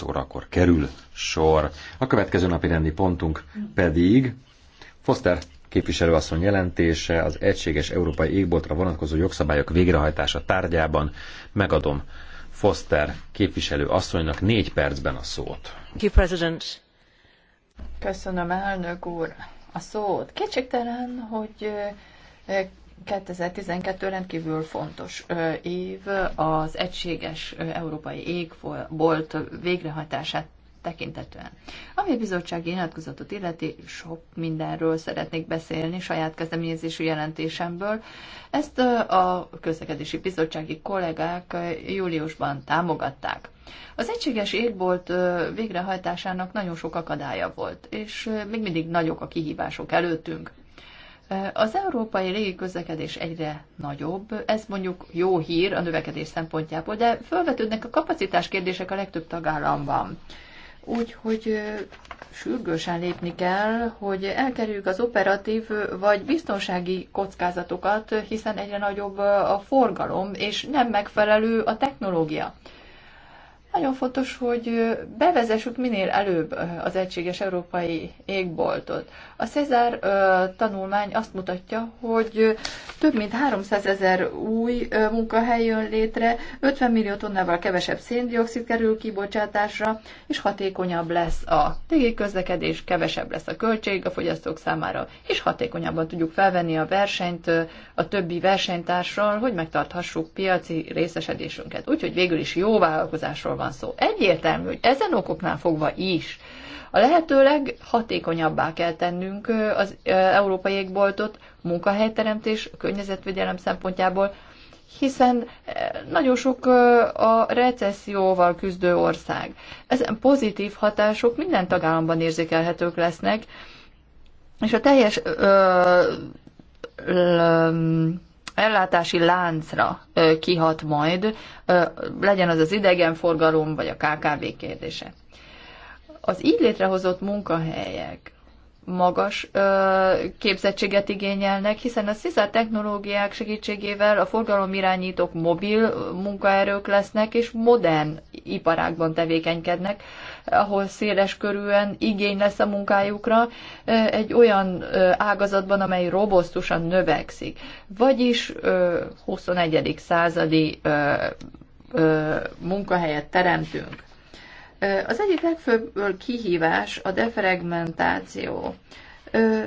8 órakor kerül sor. A következő napi rendi pontunk pedig Foster képviselőasszony jelentése az egységes európai égboltra vonatkozó jogszabályok végrehajtása tárgyában. Megadom Foster képviselő asszonynak négy percben a szót. Köszönöm, elnök úr, a szót. Kétségtelen, hogy 2012 rendkívül fontos év az egységes európai égbolt végrehajtását tekintetően. Ami a bizottsági nyilatkozatot illeti, sok mindenről szeretnék beszélni saját kezdeményezésű jelentésemből. Ezt a közlekedési bizottsági kollégák júliusban támogatták. Az egységes égbolt végrehajtásának nagyon sok akadálya volt, és még mindig nagyok a kihívások előttünk. Az európai légiközlekedés egyre nagyobb, ez mondjuk jó hír a növekedés szempontjából, de felvetődnek a kapacitás kérdések a legtöbb tagállamban. Úgyhogy sürgősen lépni kell, hogy elkerüljük az operatív vagy biztonsági kockázatokat, hiszen egyre nagyobb a forgalom, és nem megfelelő a technológia. Nagyon fontos, hogy bevezessük minél előbb az egységes európai égboltot. A Cezár tanulmány azt mutatja, hogy több mint 300 ezer új munkahely jön létre, 50 millió tonnával kevesebb széndiokszid kerül kibocsátásra, és hatékonyabb lesz a közlekedés, kevesebb lesz a költség a fogyasztók számára, és hatékonyabban tudjuk felvenni a versenyt a többi versenytársról, hogy megtarthassuk piaci részesedésünket. Úgyhogy végül is jó vállalkozásról van van szó. Egyértelmű, hogy ezen okoknál fogva is a lehető leghatékonyabbá kell tennünk az európai égboltot munkahelyteremtés, környezetvédelem szempontjából, hiszen nagyon sok a recesszióval küzdő ország. Ezen pozitív hatások minden tagállamban érzékelhetők lesznek, és a teljes ö, ö, ellátási láncra kihat majd, legyen az az idegenforgalom, vagy a KKV kérdése. Az így létrehozott munkahelyek magas ö, képzettséget igényelnek, hiszen a CISA technológiák segítségével a forgalomirányítók mobil munkaerők lesznek, és modern iparákban tevékenykednek, ahol széles körűen igény lesz a munkájukra, egy olyan ágazatban, amely robosztusan növekszik. Vagyis 21. századi munkahelyet teremtünk. Az egyik legfőbb kihívás a defragmentáció.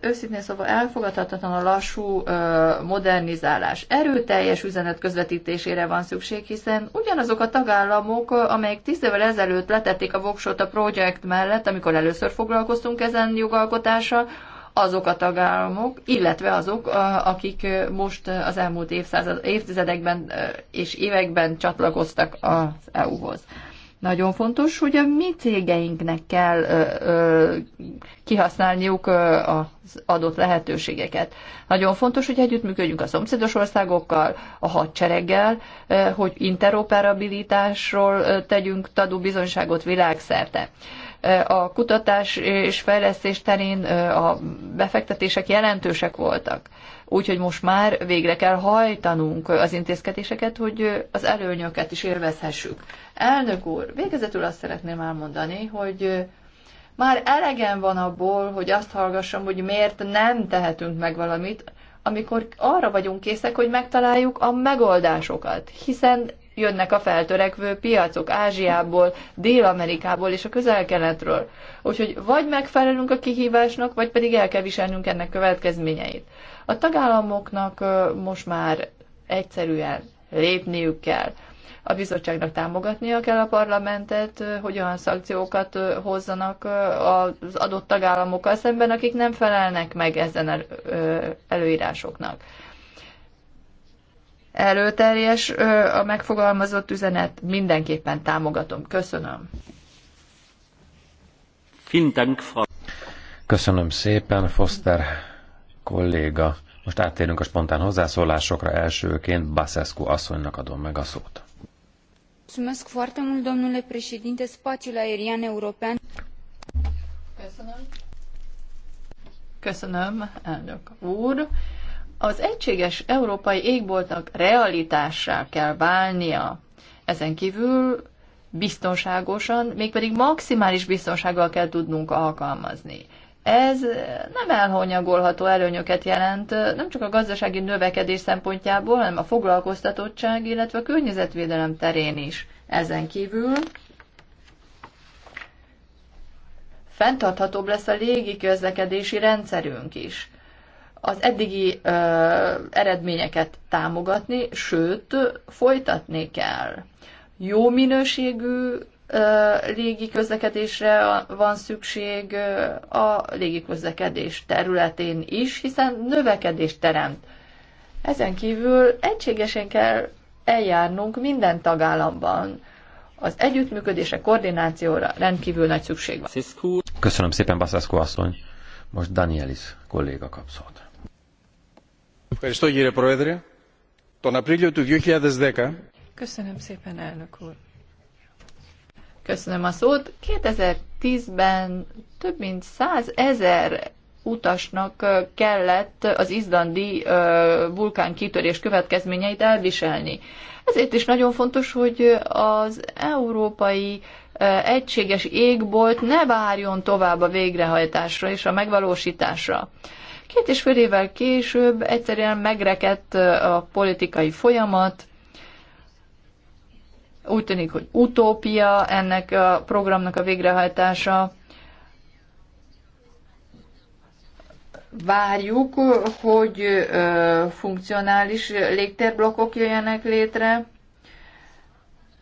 Őszintén szóval elfogadhatatlan a lassú modernizálás. Erőteljes üzenet közvetítésére van szükség, hiszen ugyanazok a tagállamok, amelyek tíz évvel ezelőtt letették a voksot a projekt mellett, amikor először foglalkoztunk ezen jogalkotással, azok a tagállamok, illetve azok, akik most az elmúlt évszázad, évtizedekben és években csatlakoztak az EU-hoz. Nagyon fontos, hogy a mi cégeinknek kell ö, ö, kihasználniuk ö, az adott lehetőségeket. Nagyon fontos, hogy együttműködjünk a szomszédos országokkal, a hadsereggel, ö, hogy interoperabilitásról ö, tegyünk tadú bizonyságot világszerte. Ö, a kutatás és fejlesztés terén a befektetések jelentősek voltak. Úgyhogy most már végre kell hajtanunk az intézkedéseket, hogy az előnyöket is élvezhessük. Elnök úr, végezetül azt szeretném elmondani, hogy már elegen van abból, hogy azt hallgassam, hogy miért nem tehetünk meg valamit, amikor arra vagyunk készek, hogy megtaláljuk a megoldásokat, hiszen jönnek a feltörekvő piacok Ázsiából, Dél-Amerikából és a közel-keletről. Úgyhogy vagy megfelelünk a kihívásnak, vagy pedig el kell viselnünk ennek következményeit. A tagállamoknak most már egyszerűen lépniük kell. A bizottságnak támogatnia kell a parlamentet, hogy olyan szankciókat hozzanak az adott tagállamokkal szemben, akik nem felelnek meg ezen előírásoknak előterjes a megfogalmazott üzenet, mindenképpen támogatom. Köszönöm. Köszönöm szépen, Foster kolléga. Most áttérünk a spontán hozzászólásokra. Elsőként Basescu asszonynak adom meg a szót. Mulțumesc foarte mult, domnule președinte. Spațiul aerian european. Köszönöm. Köszönöm, elnök úr. Az egységes európai égboltnak realitássá kell válnia. Ezen kívül biztonságosan, mégpedig maximális biztonsággal kell tudnunk alkalmazni. Ez nem elhanyagolható előnyöket jelent, nem csak a gazdasági növekedés szempontjából, hanem a foglalkoztatottság, illetve a környezetvédelem terén is. Ezen kívül fenntarthatóbb lesz a légi közlekedési rendszerünk is az eddigi ö, eredményeket támogatni, sőt, folytatni kell. Jó minőségű ö, légi közlekedésre van szükség a légi közlekedés területén is, hiszen növekedést teremt. Ezen kívül egységesen kell eljárnunk minden tagállamban. Az együttműködésre, koordinációra rendkívül nagy szükség van. Köszönöm szépen, Baszaszko asszony! Most Danielis kolléga kap szót. Köszönöm szépen, elnök úr. Köszönöm a szót. 2010-ben több mint 100 ezer utasnak kellett az izlandi vulkán kitörés következményeit elviselni. Ezért is nagyon fontos, hogy az európai egységes égbolt ne várjon tovább a végrehajtásra és a megvalósításra. Két és fél évvel később egyszerűen megrekedt a politikai folyamat, úgy tűnik, hogy utópia ennek a programnak a végrehajtása. Várjuk, hogy funkcionális légterblokkok jöjjenek létre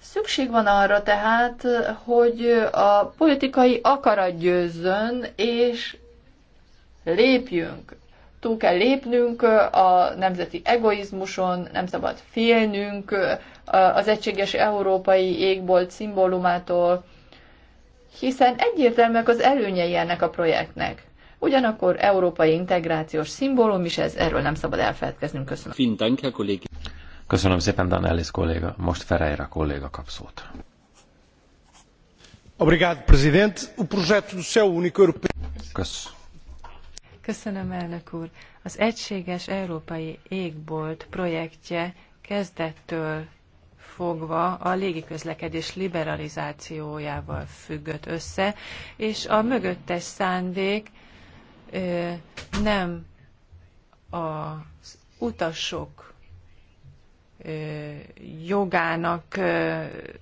Szükség van arra tehát, hogy a politikai akarat győzzön, és lépjünk. Túl kell lépnünk a nemzeti egoizmuson, nem szabad félnünk az egységes európai égbolt szimbólumától, hiszen egyértelműek az előnyei ennek a projektnek. Ugyanakkor európai integrációs szimbólum is ez, erről nem szabad elfeledkeznünk. Köszönöm. Köszönöm szépen, Dan Ellis kolléga. Most Ferreira kolléga kap szót. Obrigado, Presidente. O projeto do céu único europeu... Kösz. Köszönöm, elnök úr. Az Egységes Európai Égbolt projektje kezdettől fogva a légiközlekedés liberalizációjával függött össze, és a mögöttes szándék nem az utasok jogának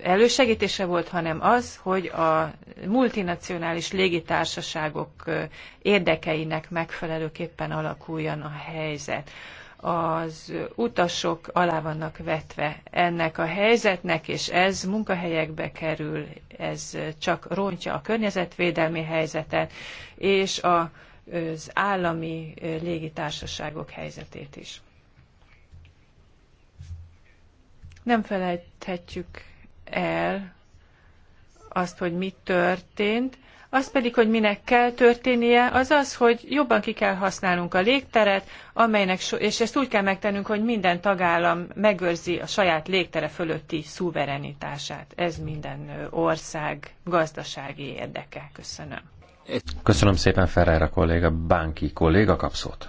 elősegítése volt, hanem az, hogy a multinacionális légitársaságok érdekeinek megfelelőképpen alakuljon a helyzet. Az utasok alá vannak vetve ennek a helyzetnek, és ez munkahelyekbe kerül, ez csak rontja a környezetvédelmi helyzetet, és az állami légitársaságok helyzetét is. Nem felejthetjük el azt, hogy mi történt, az pedig, hogy minek kell történnie, az az, hogy jobban ki kell használnunk a légteret, amelynek, és ezt úgy kell megtennünk, hogy minden tagállam megőrzi a saját légtere fölötti szuverenitását. Ez minden ország gazdasági érdeke. Köszönöm. Köszönöm szépen Ferreira kolléga, Bánki kolléga kapszót.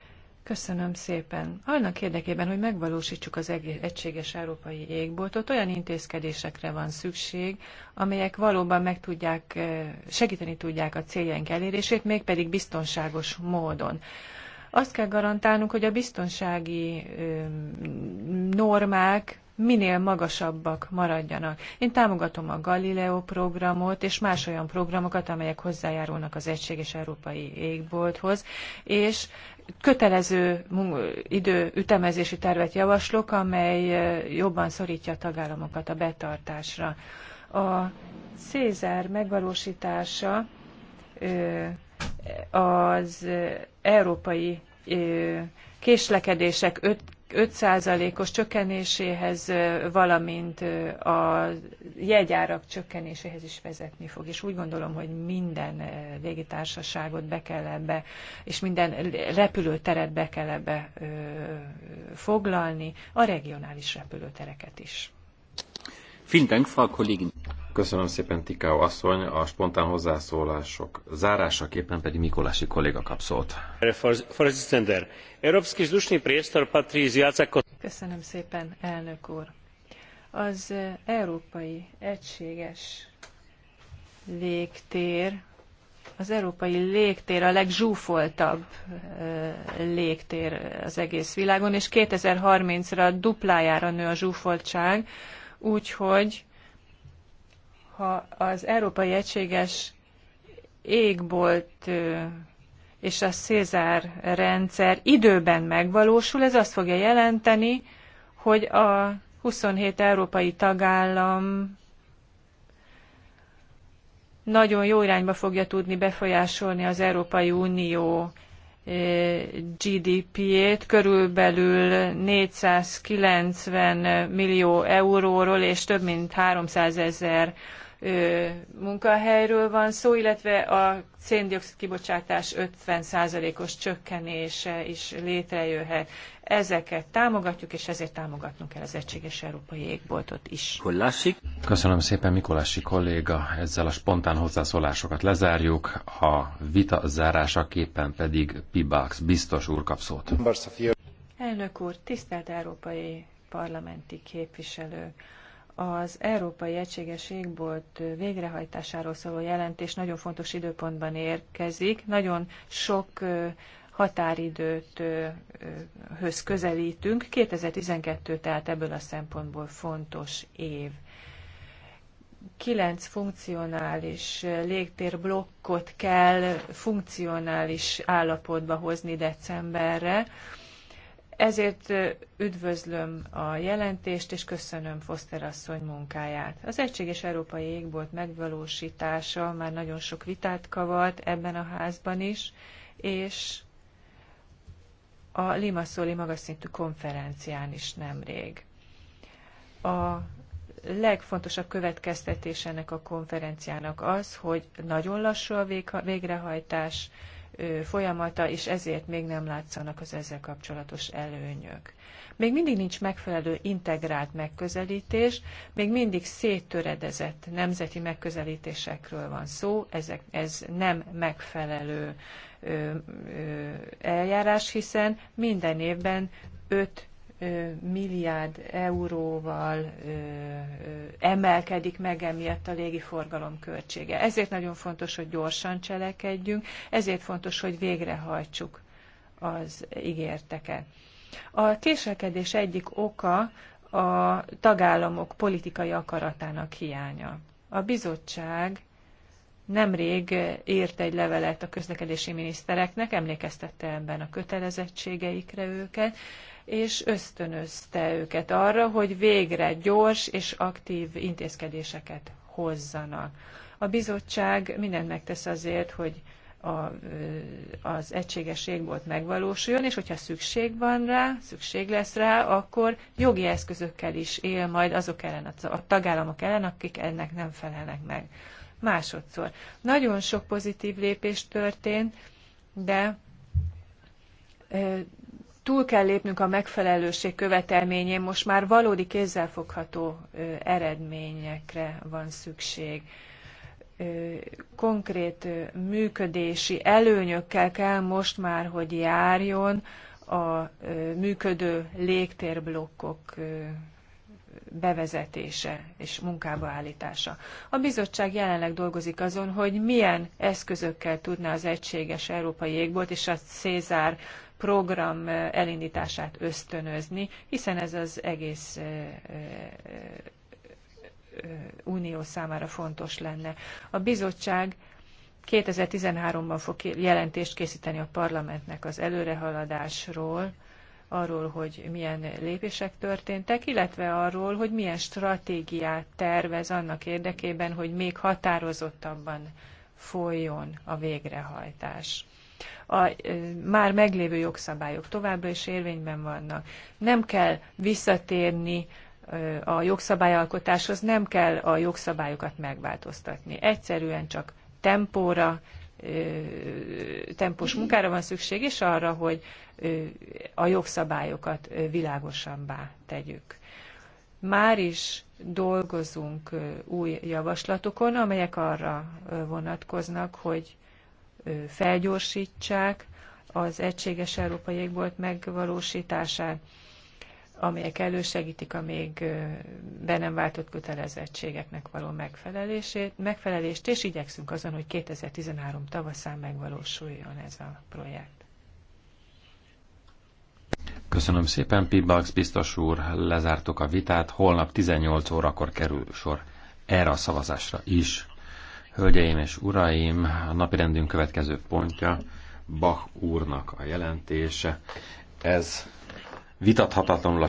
Köszönöm szépen. Annak érdekében, hogy megvalósítsuk az egységes európai égboltot, olyan intézkedésekre van szükség, amelyek valóban meg tudják, eh, segíteni tudják a céljaink elérését, mégpedig biztonságos módon. Azt kell garantálnunk, hogy a biztonsági eh, normák minél magasabbak maradjanak. Én támogatom a Galileo programot és más olyan programokat, amelyek hozzájárulnak az egységes európai égbolthoz, és kötelező idő ütemezési tervet javaslok, amely jobban szorítja a tagállamokat a betartásra. A Cézár megvalósítása az európai késlekedések 5%-os csökkenéséhez, valamint a jegyárak csökkenéséhez is vezetni fog. És úgy gondolom, hogy minden légitársaságot be kell ebbe, és minden repülőteret be kell ebbe foglalni, a regionális repülőtereket is. Vielen Dank, Frau Kollegin. Köszönöm szépen, Tikáó asszony. A spontán hozzászólások zárásaképpen pedig Mikolási kolléga kap szót. Köszönöm szépen, elnök úr. Az európai egységes légtér, az európai légtér a legzsúfoltabb légtér az egész világon, és 2030-ra duplájára nő a zsúfoltság, úgyhogy ha az Európai Egységes Égbolt és a Szézár rendszer időben megvalósul, ez azt fogja jelenteni, hogy a 27 európai tagállam nagyon jó irányba fogja tudni befolyásolni az Európai Unió GDP-ét körülbelül 490 millió euróról és több mint 300 ezer munkahelyről van szó, illetve a széndiokszid kibocsátás 50%-os csökkenése is létrejöhet. Ezeket támogatjuk, és ezért támogatnunk kell az Egységes Európai Égboltot is. Kollásik. Köszönöm szépen Mikolási kolléga, ezzel a spontán hozzászólásokat lezárjuk, a vita zárásaképpen pedig Pibax biztos úr kap szót. Elnök úr, tisztelt Európai Parlamenti képviselők! az Európai Egységes Égbolt végrehajtásáról szóló jelentés nagyon fontos időpontban érkezik. Nagyon sok határidőt höz közelítünk. 2012 tehát ebből a szempontból fontos év. Kilenc funkcionális légtérblokkot kell funkcionális állapotba hozni decemberre ezért üdvözlöm a jelentést, és köszönöm Foster asszony munkáját. Az Egységes Európai Égbolt megvalósítása már nagyon sok vitát kavart ebben a házban is, és a Limassoli magas szintű konferencián is nemrég. A legfontosabb következtetés ennek a konferenciának az, hogy nagyon lassú a végrehajtás, folyamata, és ezért még nem látszanak az ezzel kapcsolatos előnyök. Még mindig nincs megfelelő integrált megközelítés, még mindig széttöredezett nemzeti megközelítésekről van szó, ezek, ez nem megfelelő ö, ö, eljárás, hiszen minden évben 5 milliárd euróval emelkedik meg emiatt a légiforgalom költsége. Ezért nagyon fontos, hogy gyorsan cselekedjünk, ezért fontos, hogy végrehajtsuk az ígérteket. A késlekedés egyik oka a tagállamok politikai akaratának hiánya. A bizottság nemrég írt egy levelet a közlekedési minisztereknek, emlékeztette ebben a kötelezettségeikre őket, és ösztönözte őket arra, hogy végre gyors és aktív intézkedéseket hozzanak. A bizottság mindent megtesz azért, hogy a, az egységes égbolt megvalósuljon, és hogyha szükség van rá, szükség lesz rá, akkor jogi eszközökkel is él majd azok ellen, a tagállamok ellen, akik ennek nem felelnek meg másodszor. Nagyon sok pozitív lépés történt, de túl kell lépnünk a megfelelőség követelményén, most már valódi kézzelfogható eredményekre van szükség. Konkrét működési előnyökkel kell most már, hogy járjon a működő légtérblokkok bevezetése és munkába állítása. A bizottság jelenleg dolgozik azon, hogy milyen eszközökkel tudná az egységes európai égbolt és a Cézár program elindítását ösztönözni, hiszen ez az egész unió számára fontos lenne. A bizottság 2013-ban fog jelentést készíteni a parlamentnek az előrehaladásról, arról, hogy milyen lépések történtek, illetve arról, hogy milyen stratégiát tervez annak érdekében, hogy még határozottabban folyjon a végrehajtás. A már meglévő jogszabályok továbbra is érvényben vannak. Nem kell visszatérni a jogszabályalkotáshoz, nem kell a jogszabályokat megváltoztatni. Egyszerűen csak tempóra, tempós munkára van szükség, és arra, hogy a jogszabályokat világosabbá tegyük. Már is dolgozunk új javaslatokon, amelyek arra vonatkoznak, hogy felgyorsítsák az egységes európai égbolt megvalósítását, amelyek elősegítik a még be nem váltott kötelezettségeknek való megfelelését, megfelelést, és igyekszünk azon, hogy 2013 tavaszán megvalósuljon ez a projekt. Köszönöm szépen, Pibax biztos úr, lezártuk a vitát, holnap 18 órakor kerül sor erre a szavazásra is. Hölgyeim és uraim, a napirendünk következő pontja Bach úrnak a jelentése. Ez vitathatatlanul a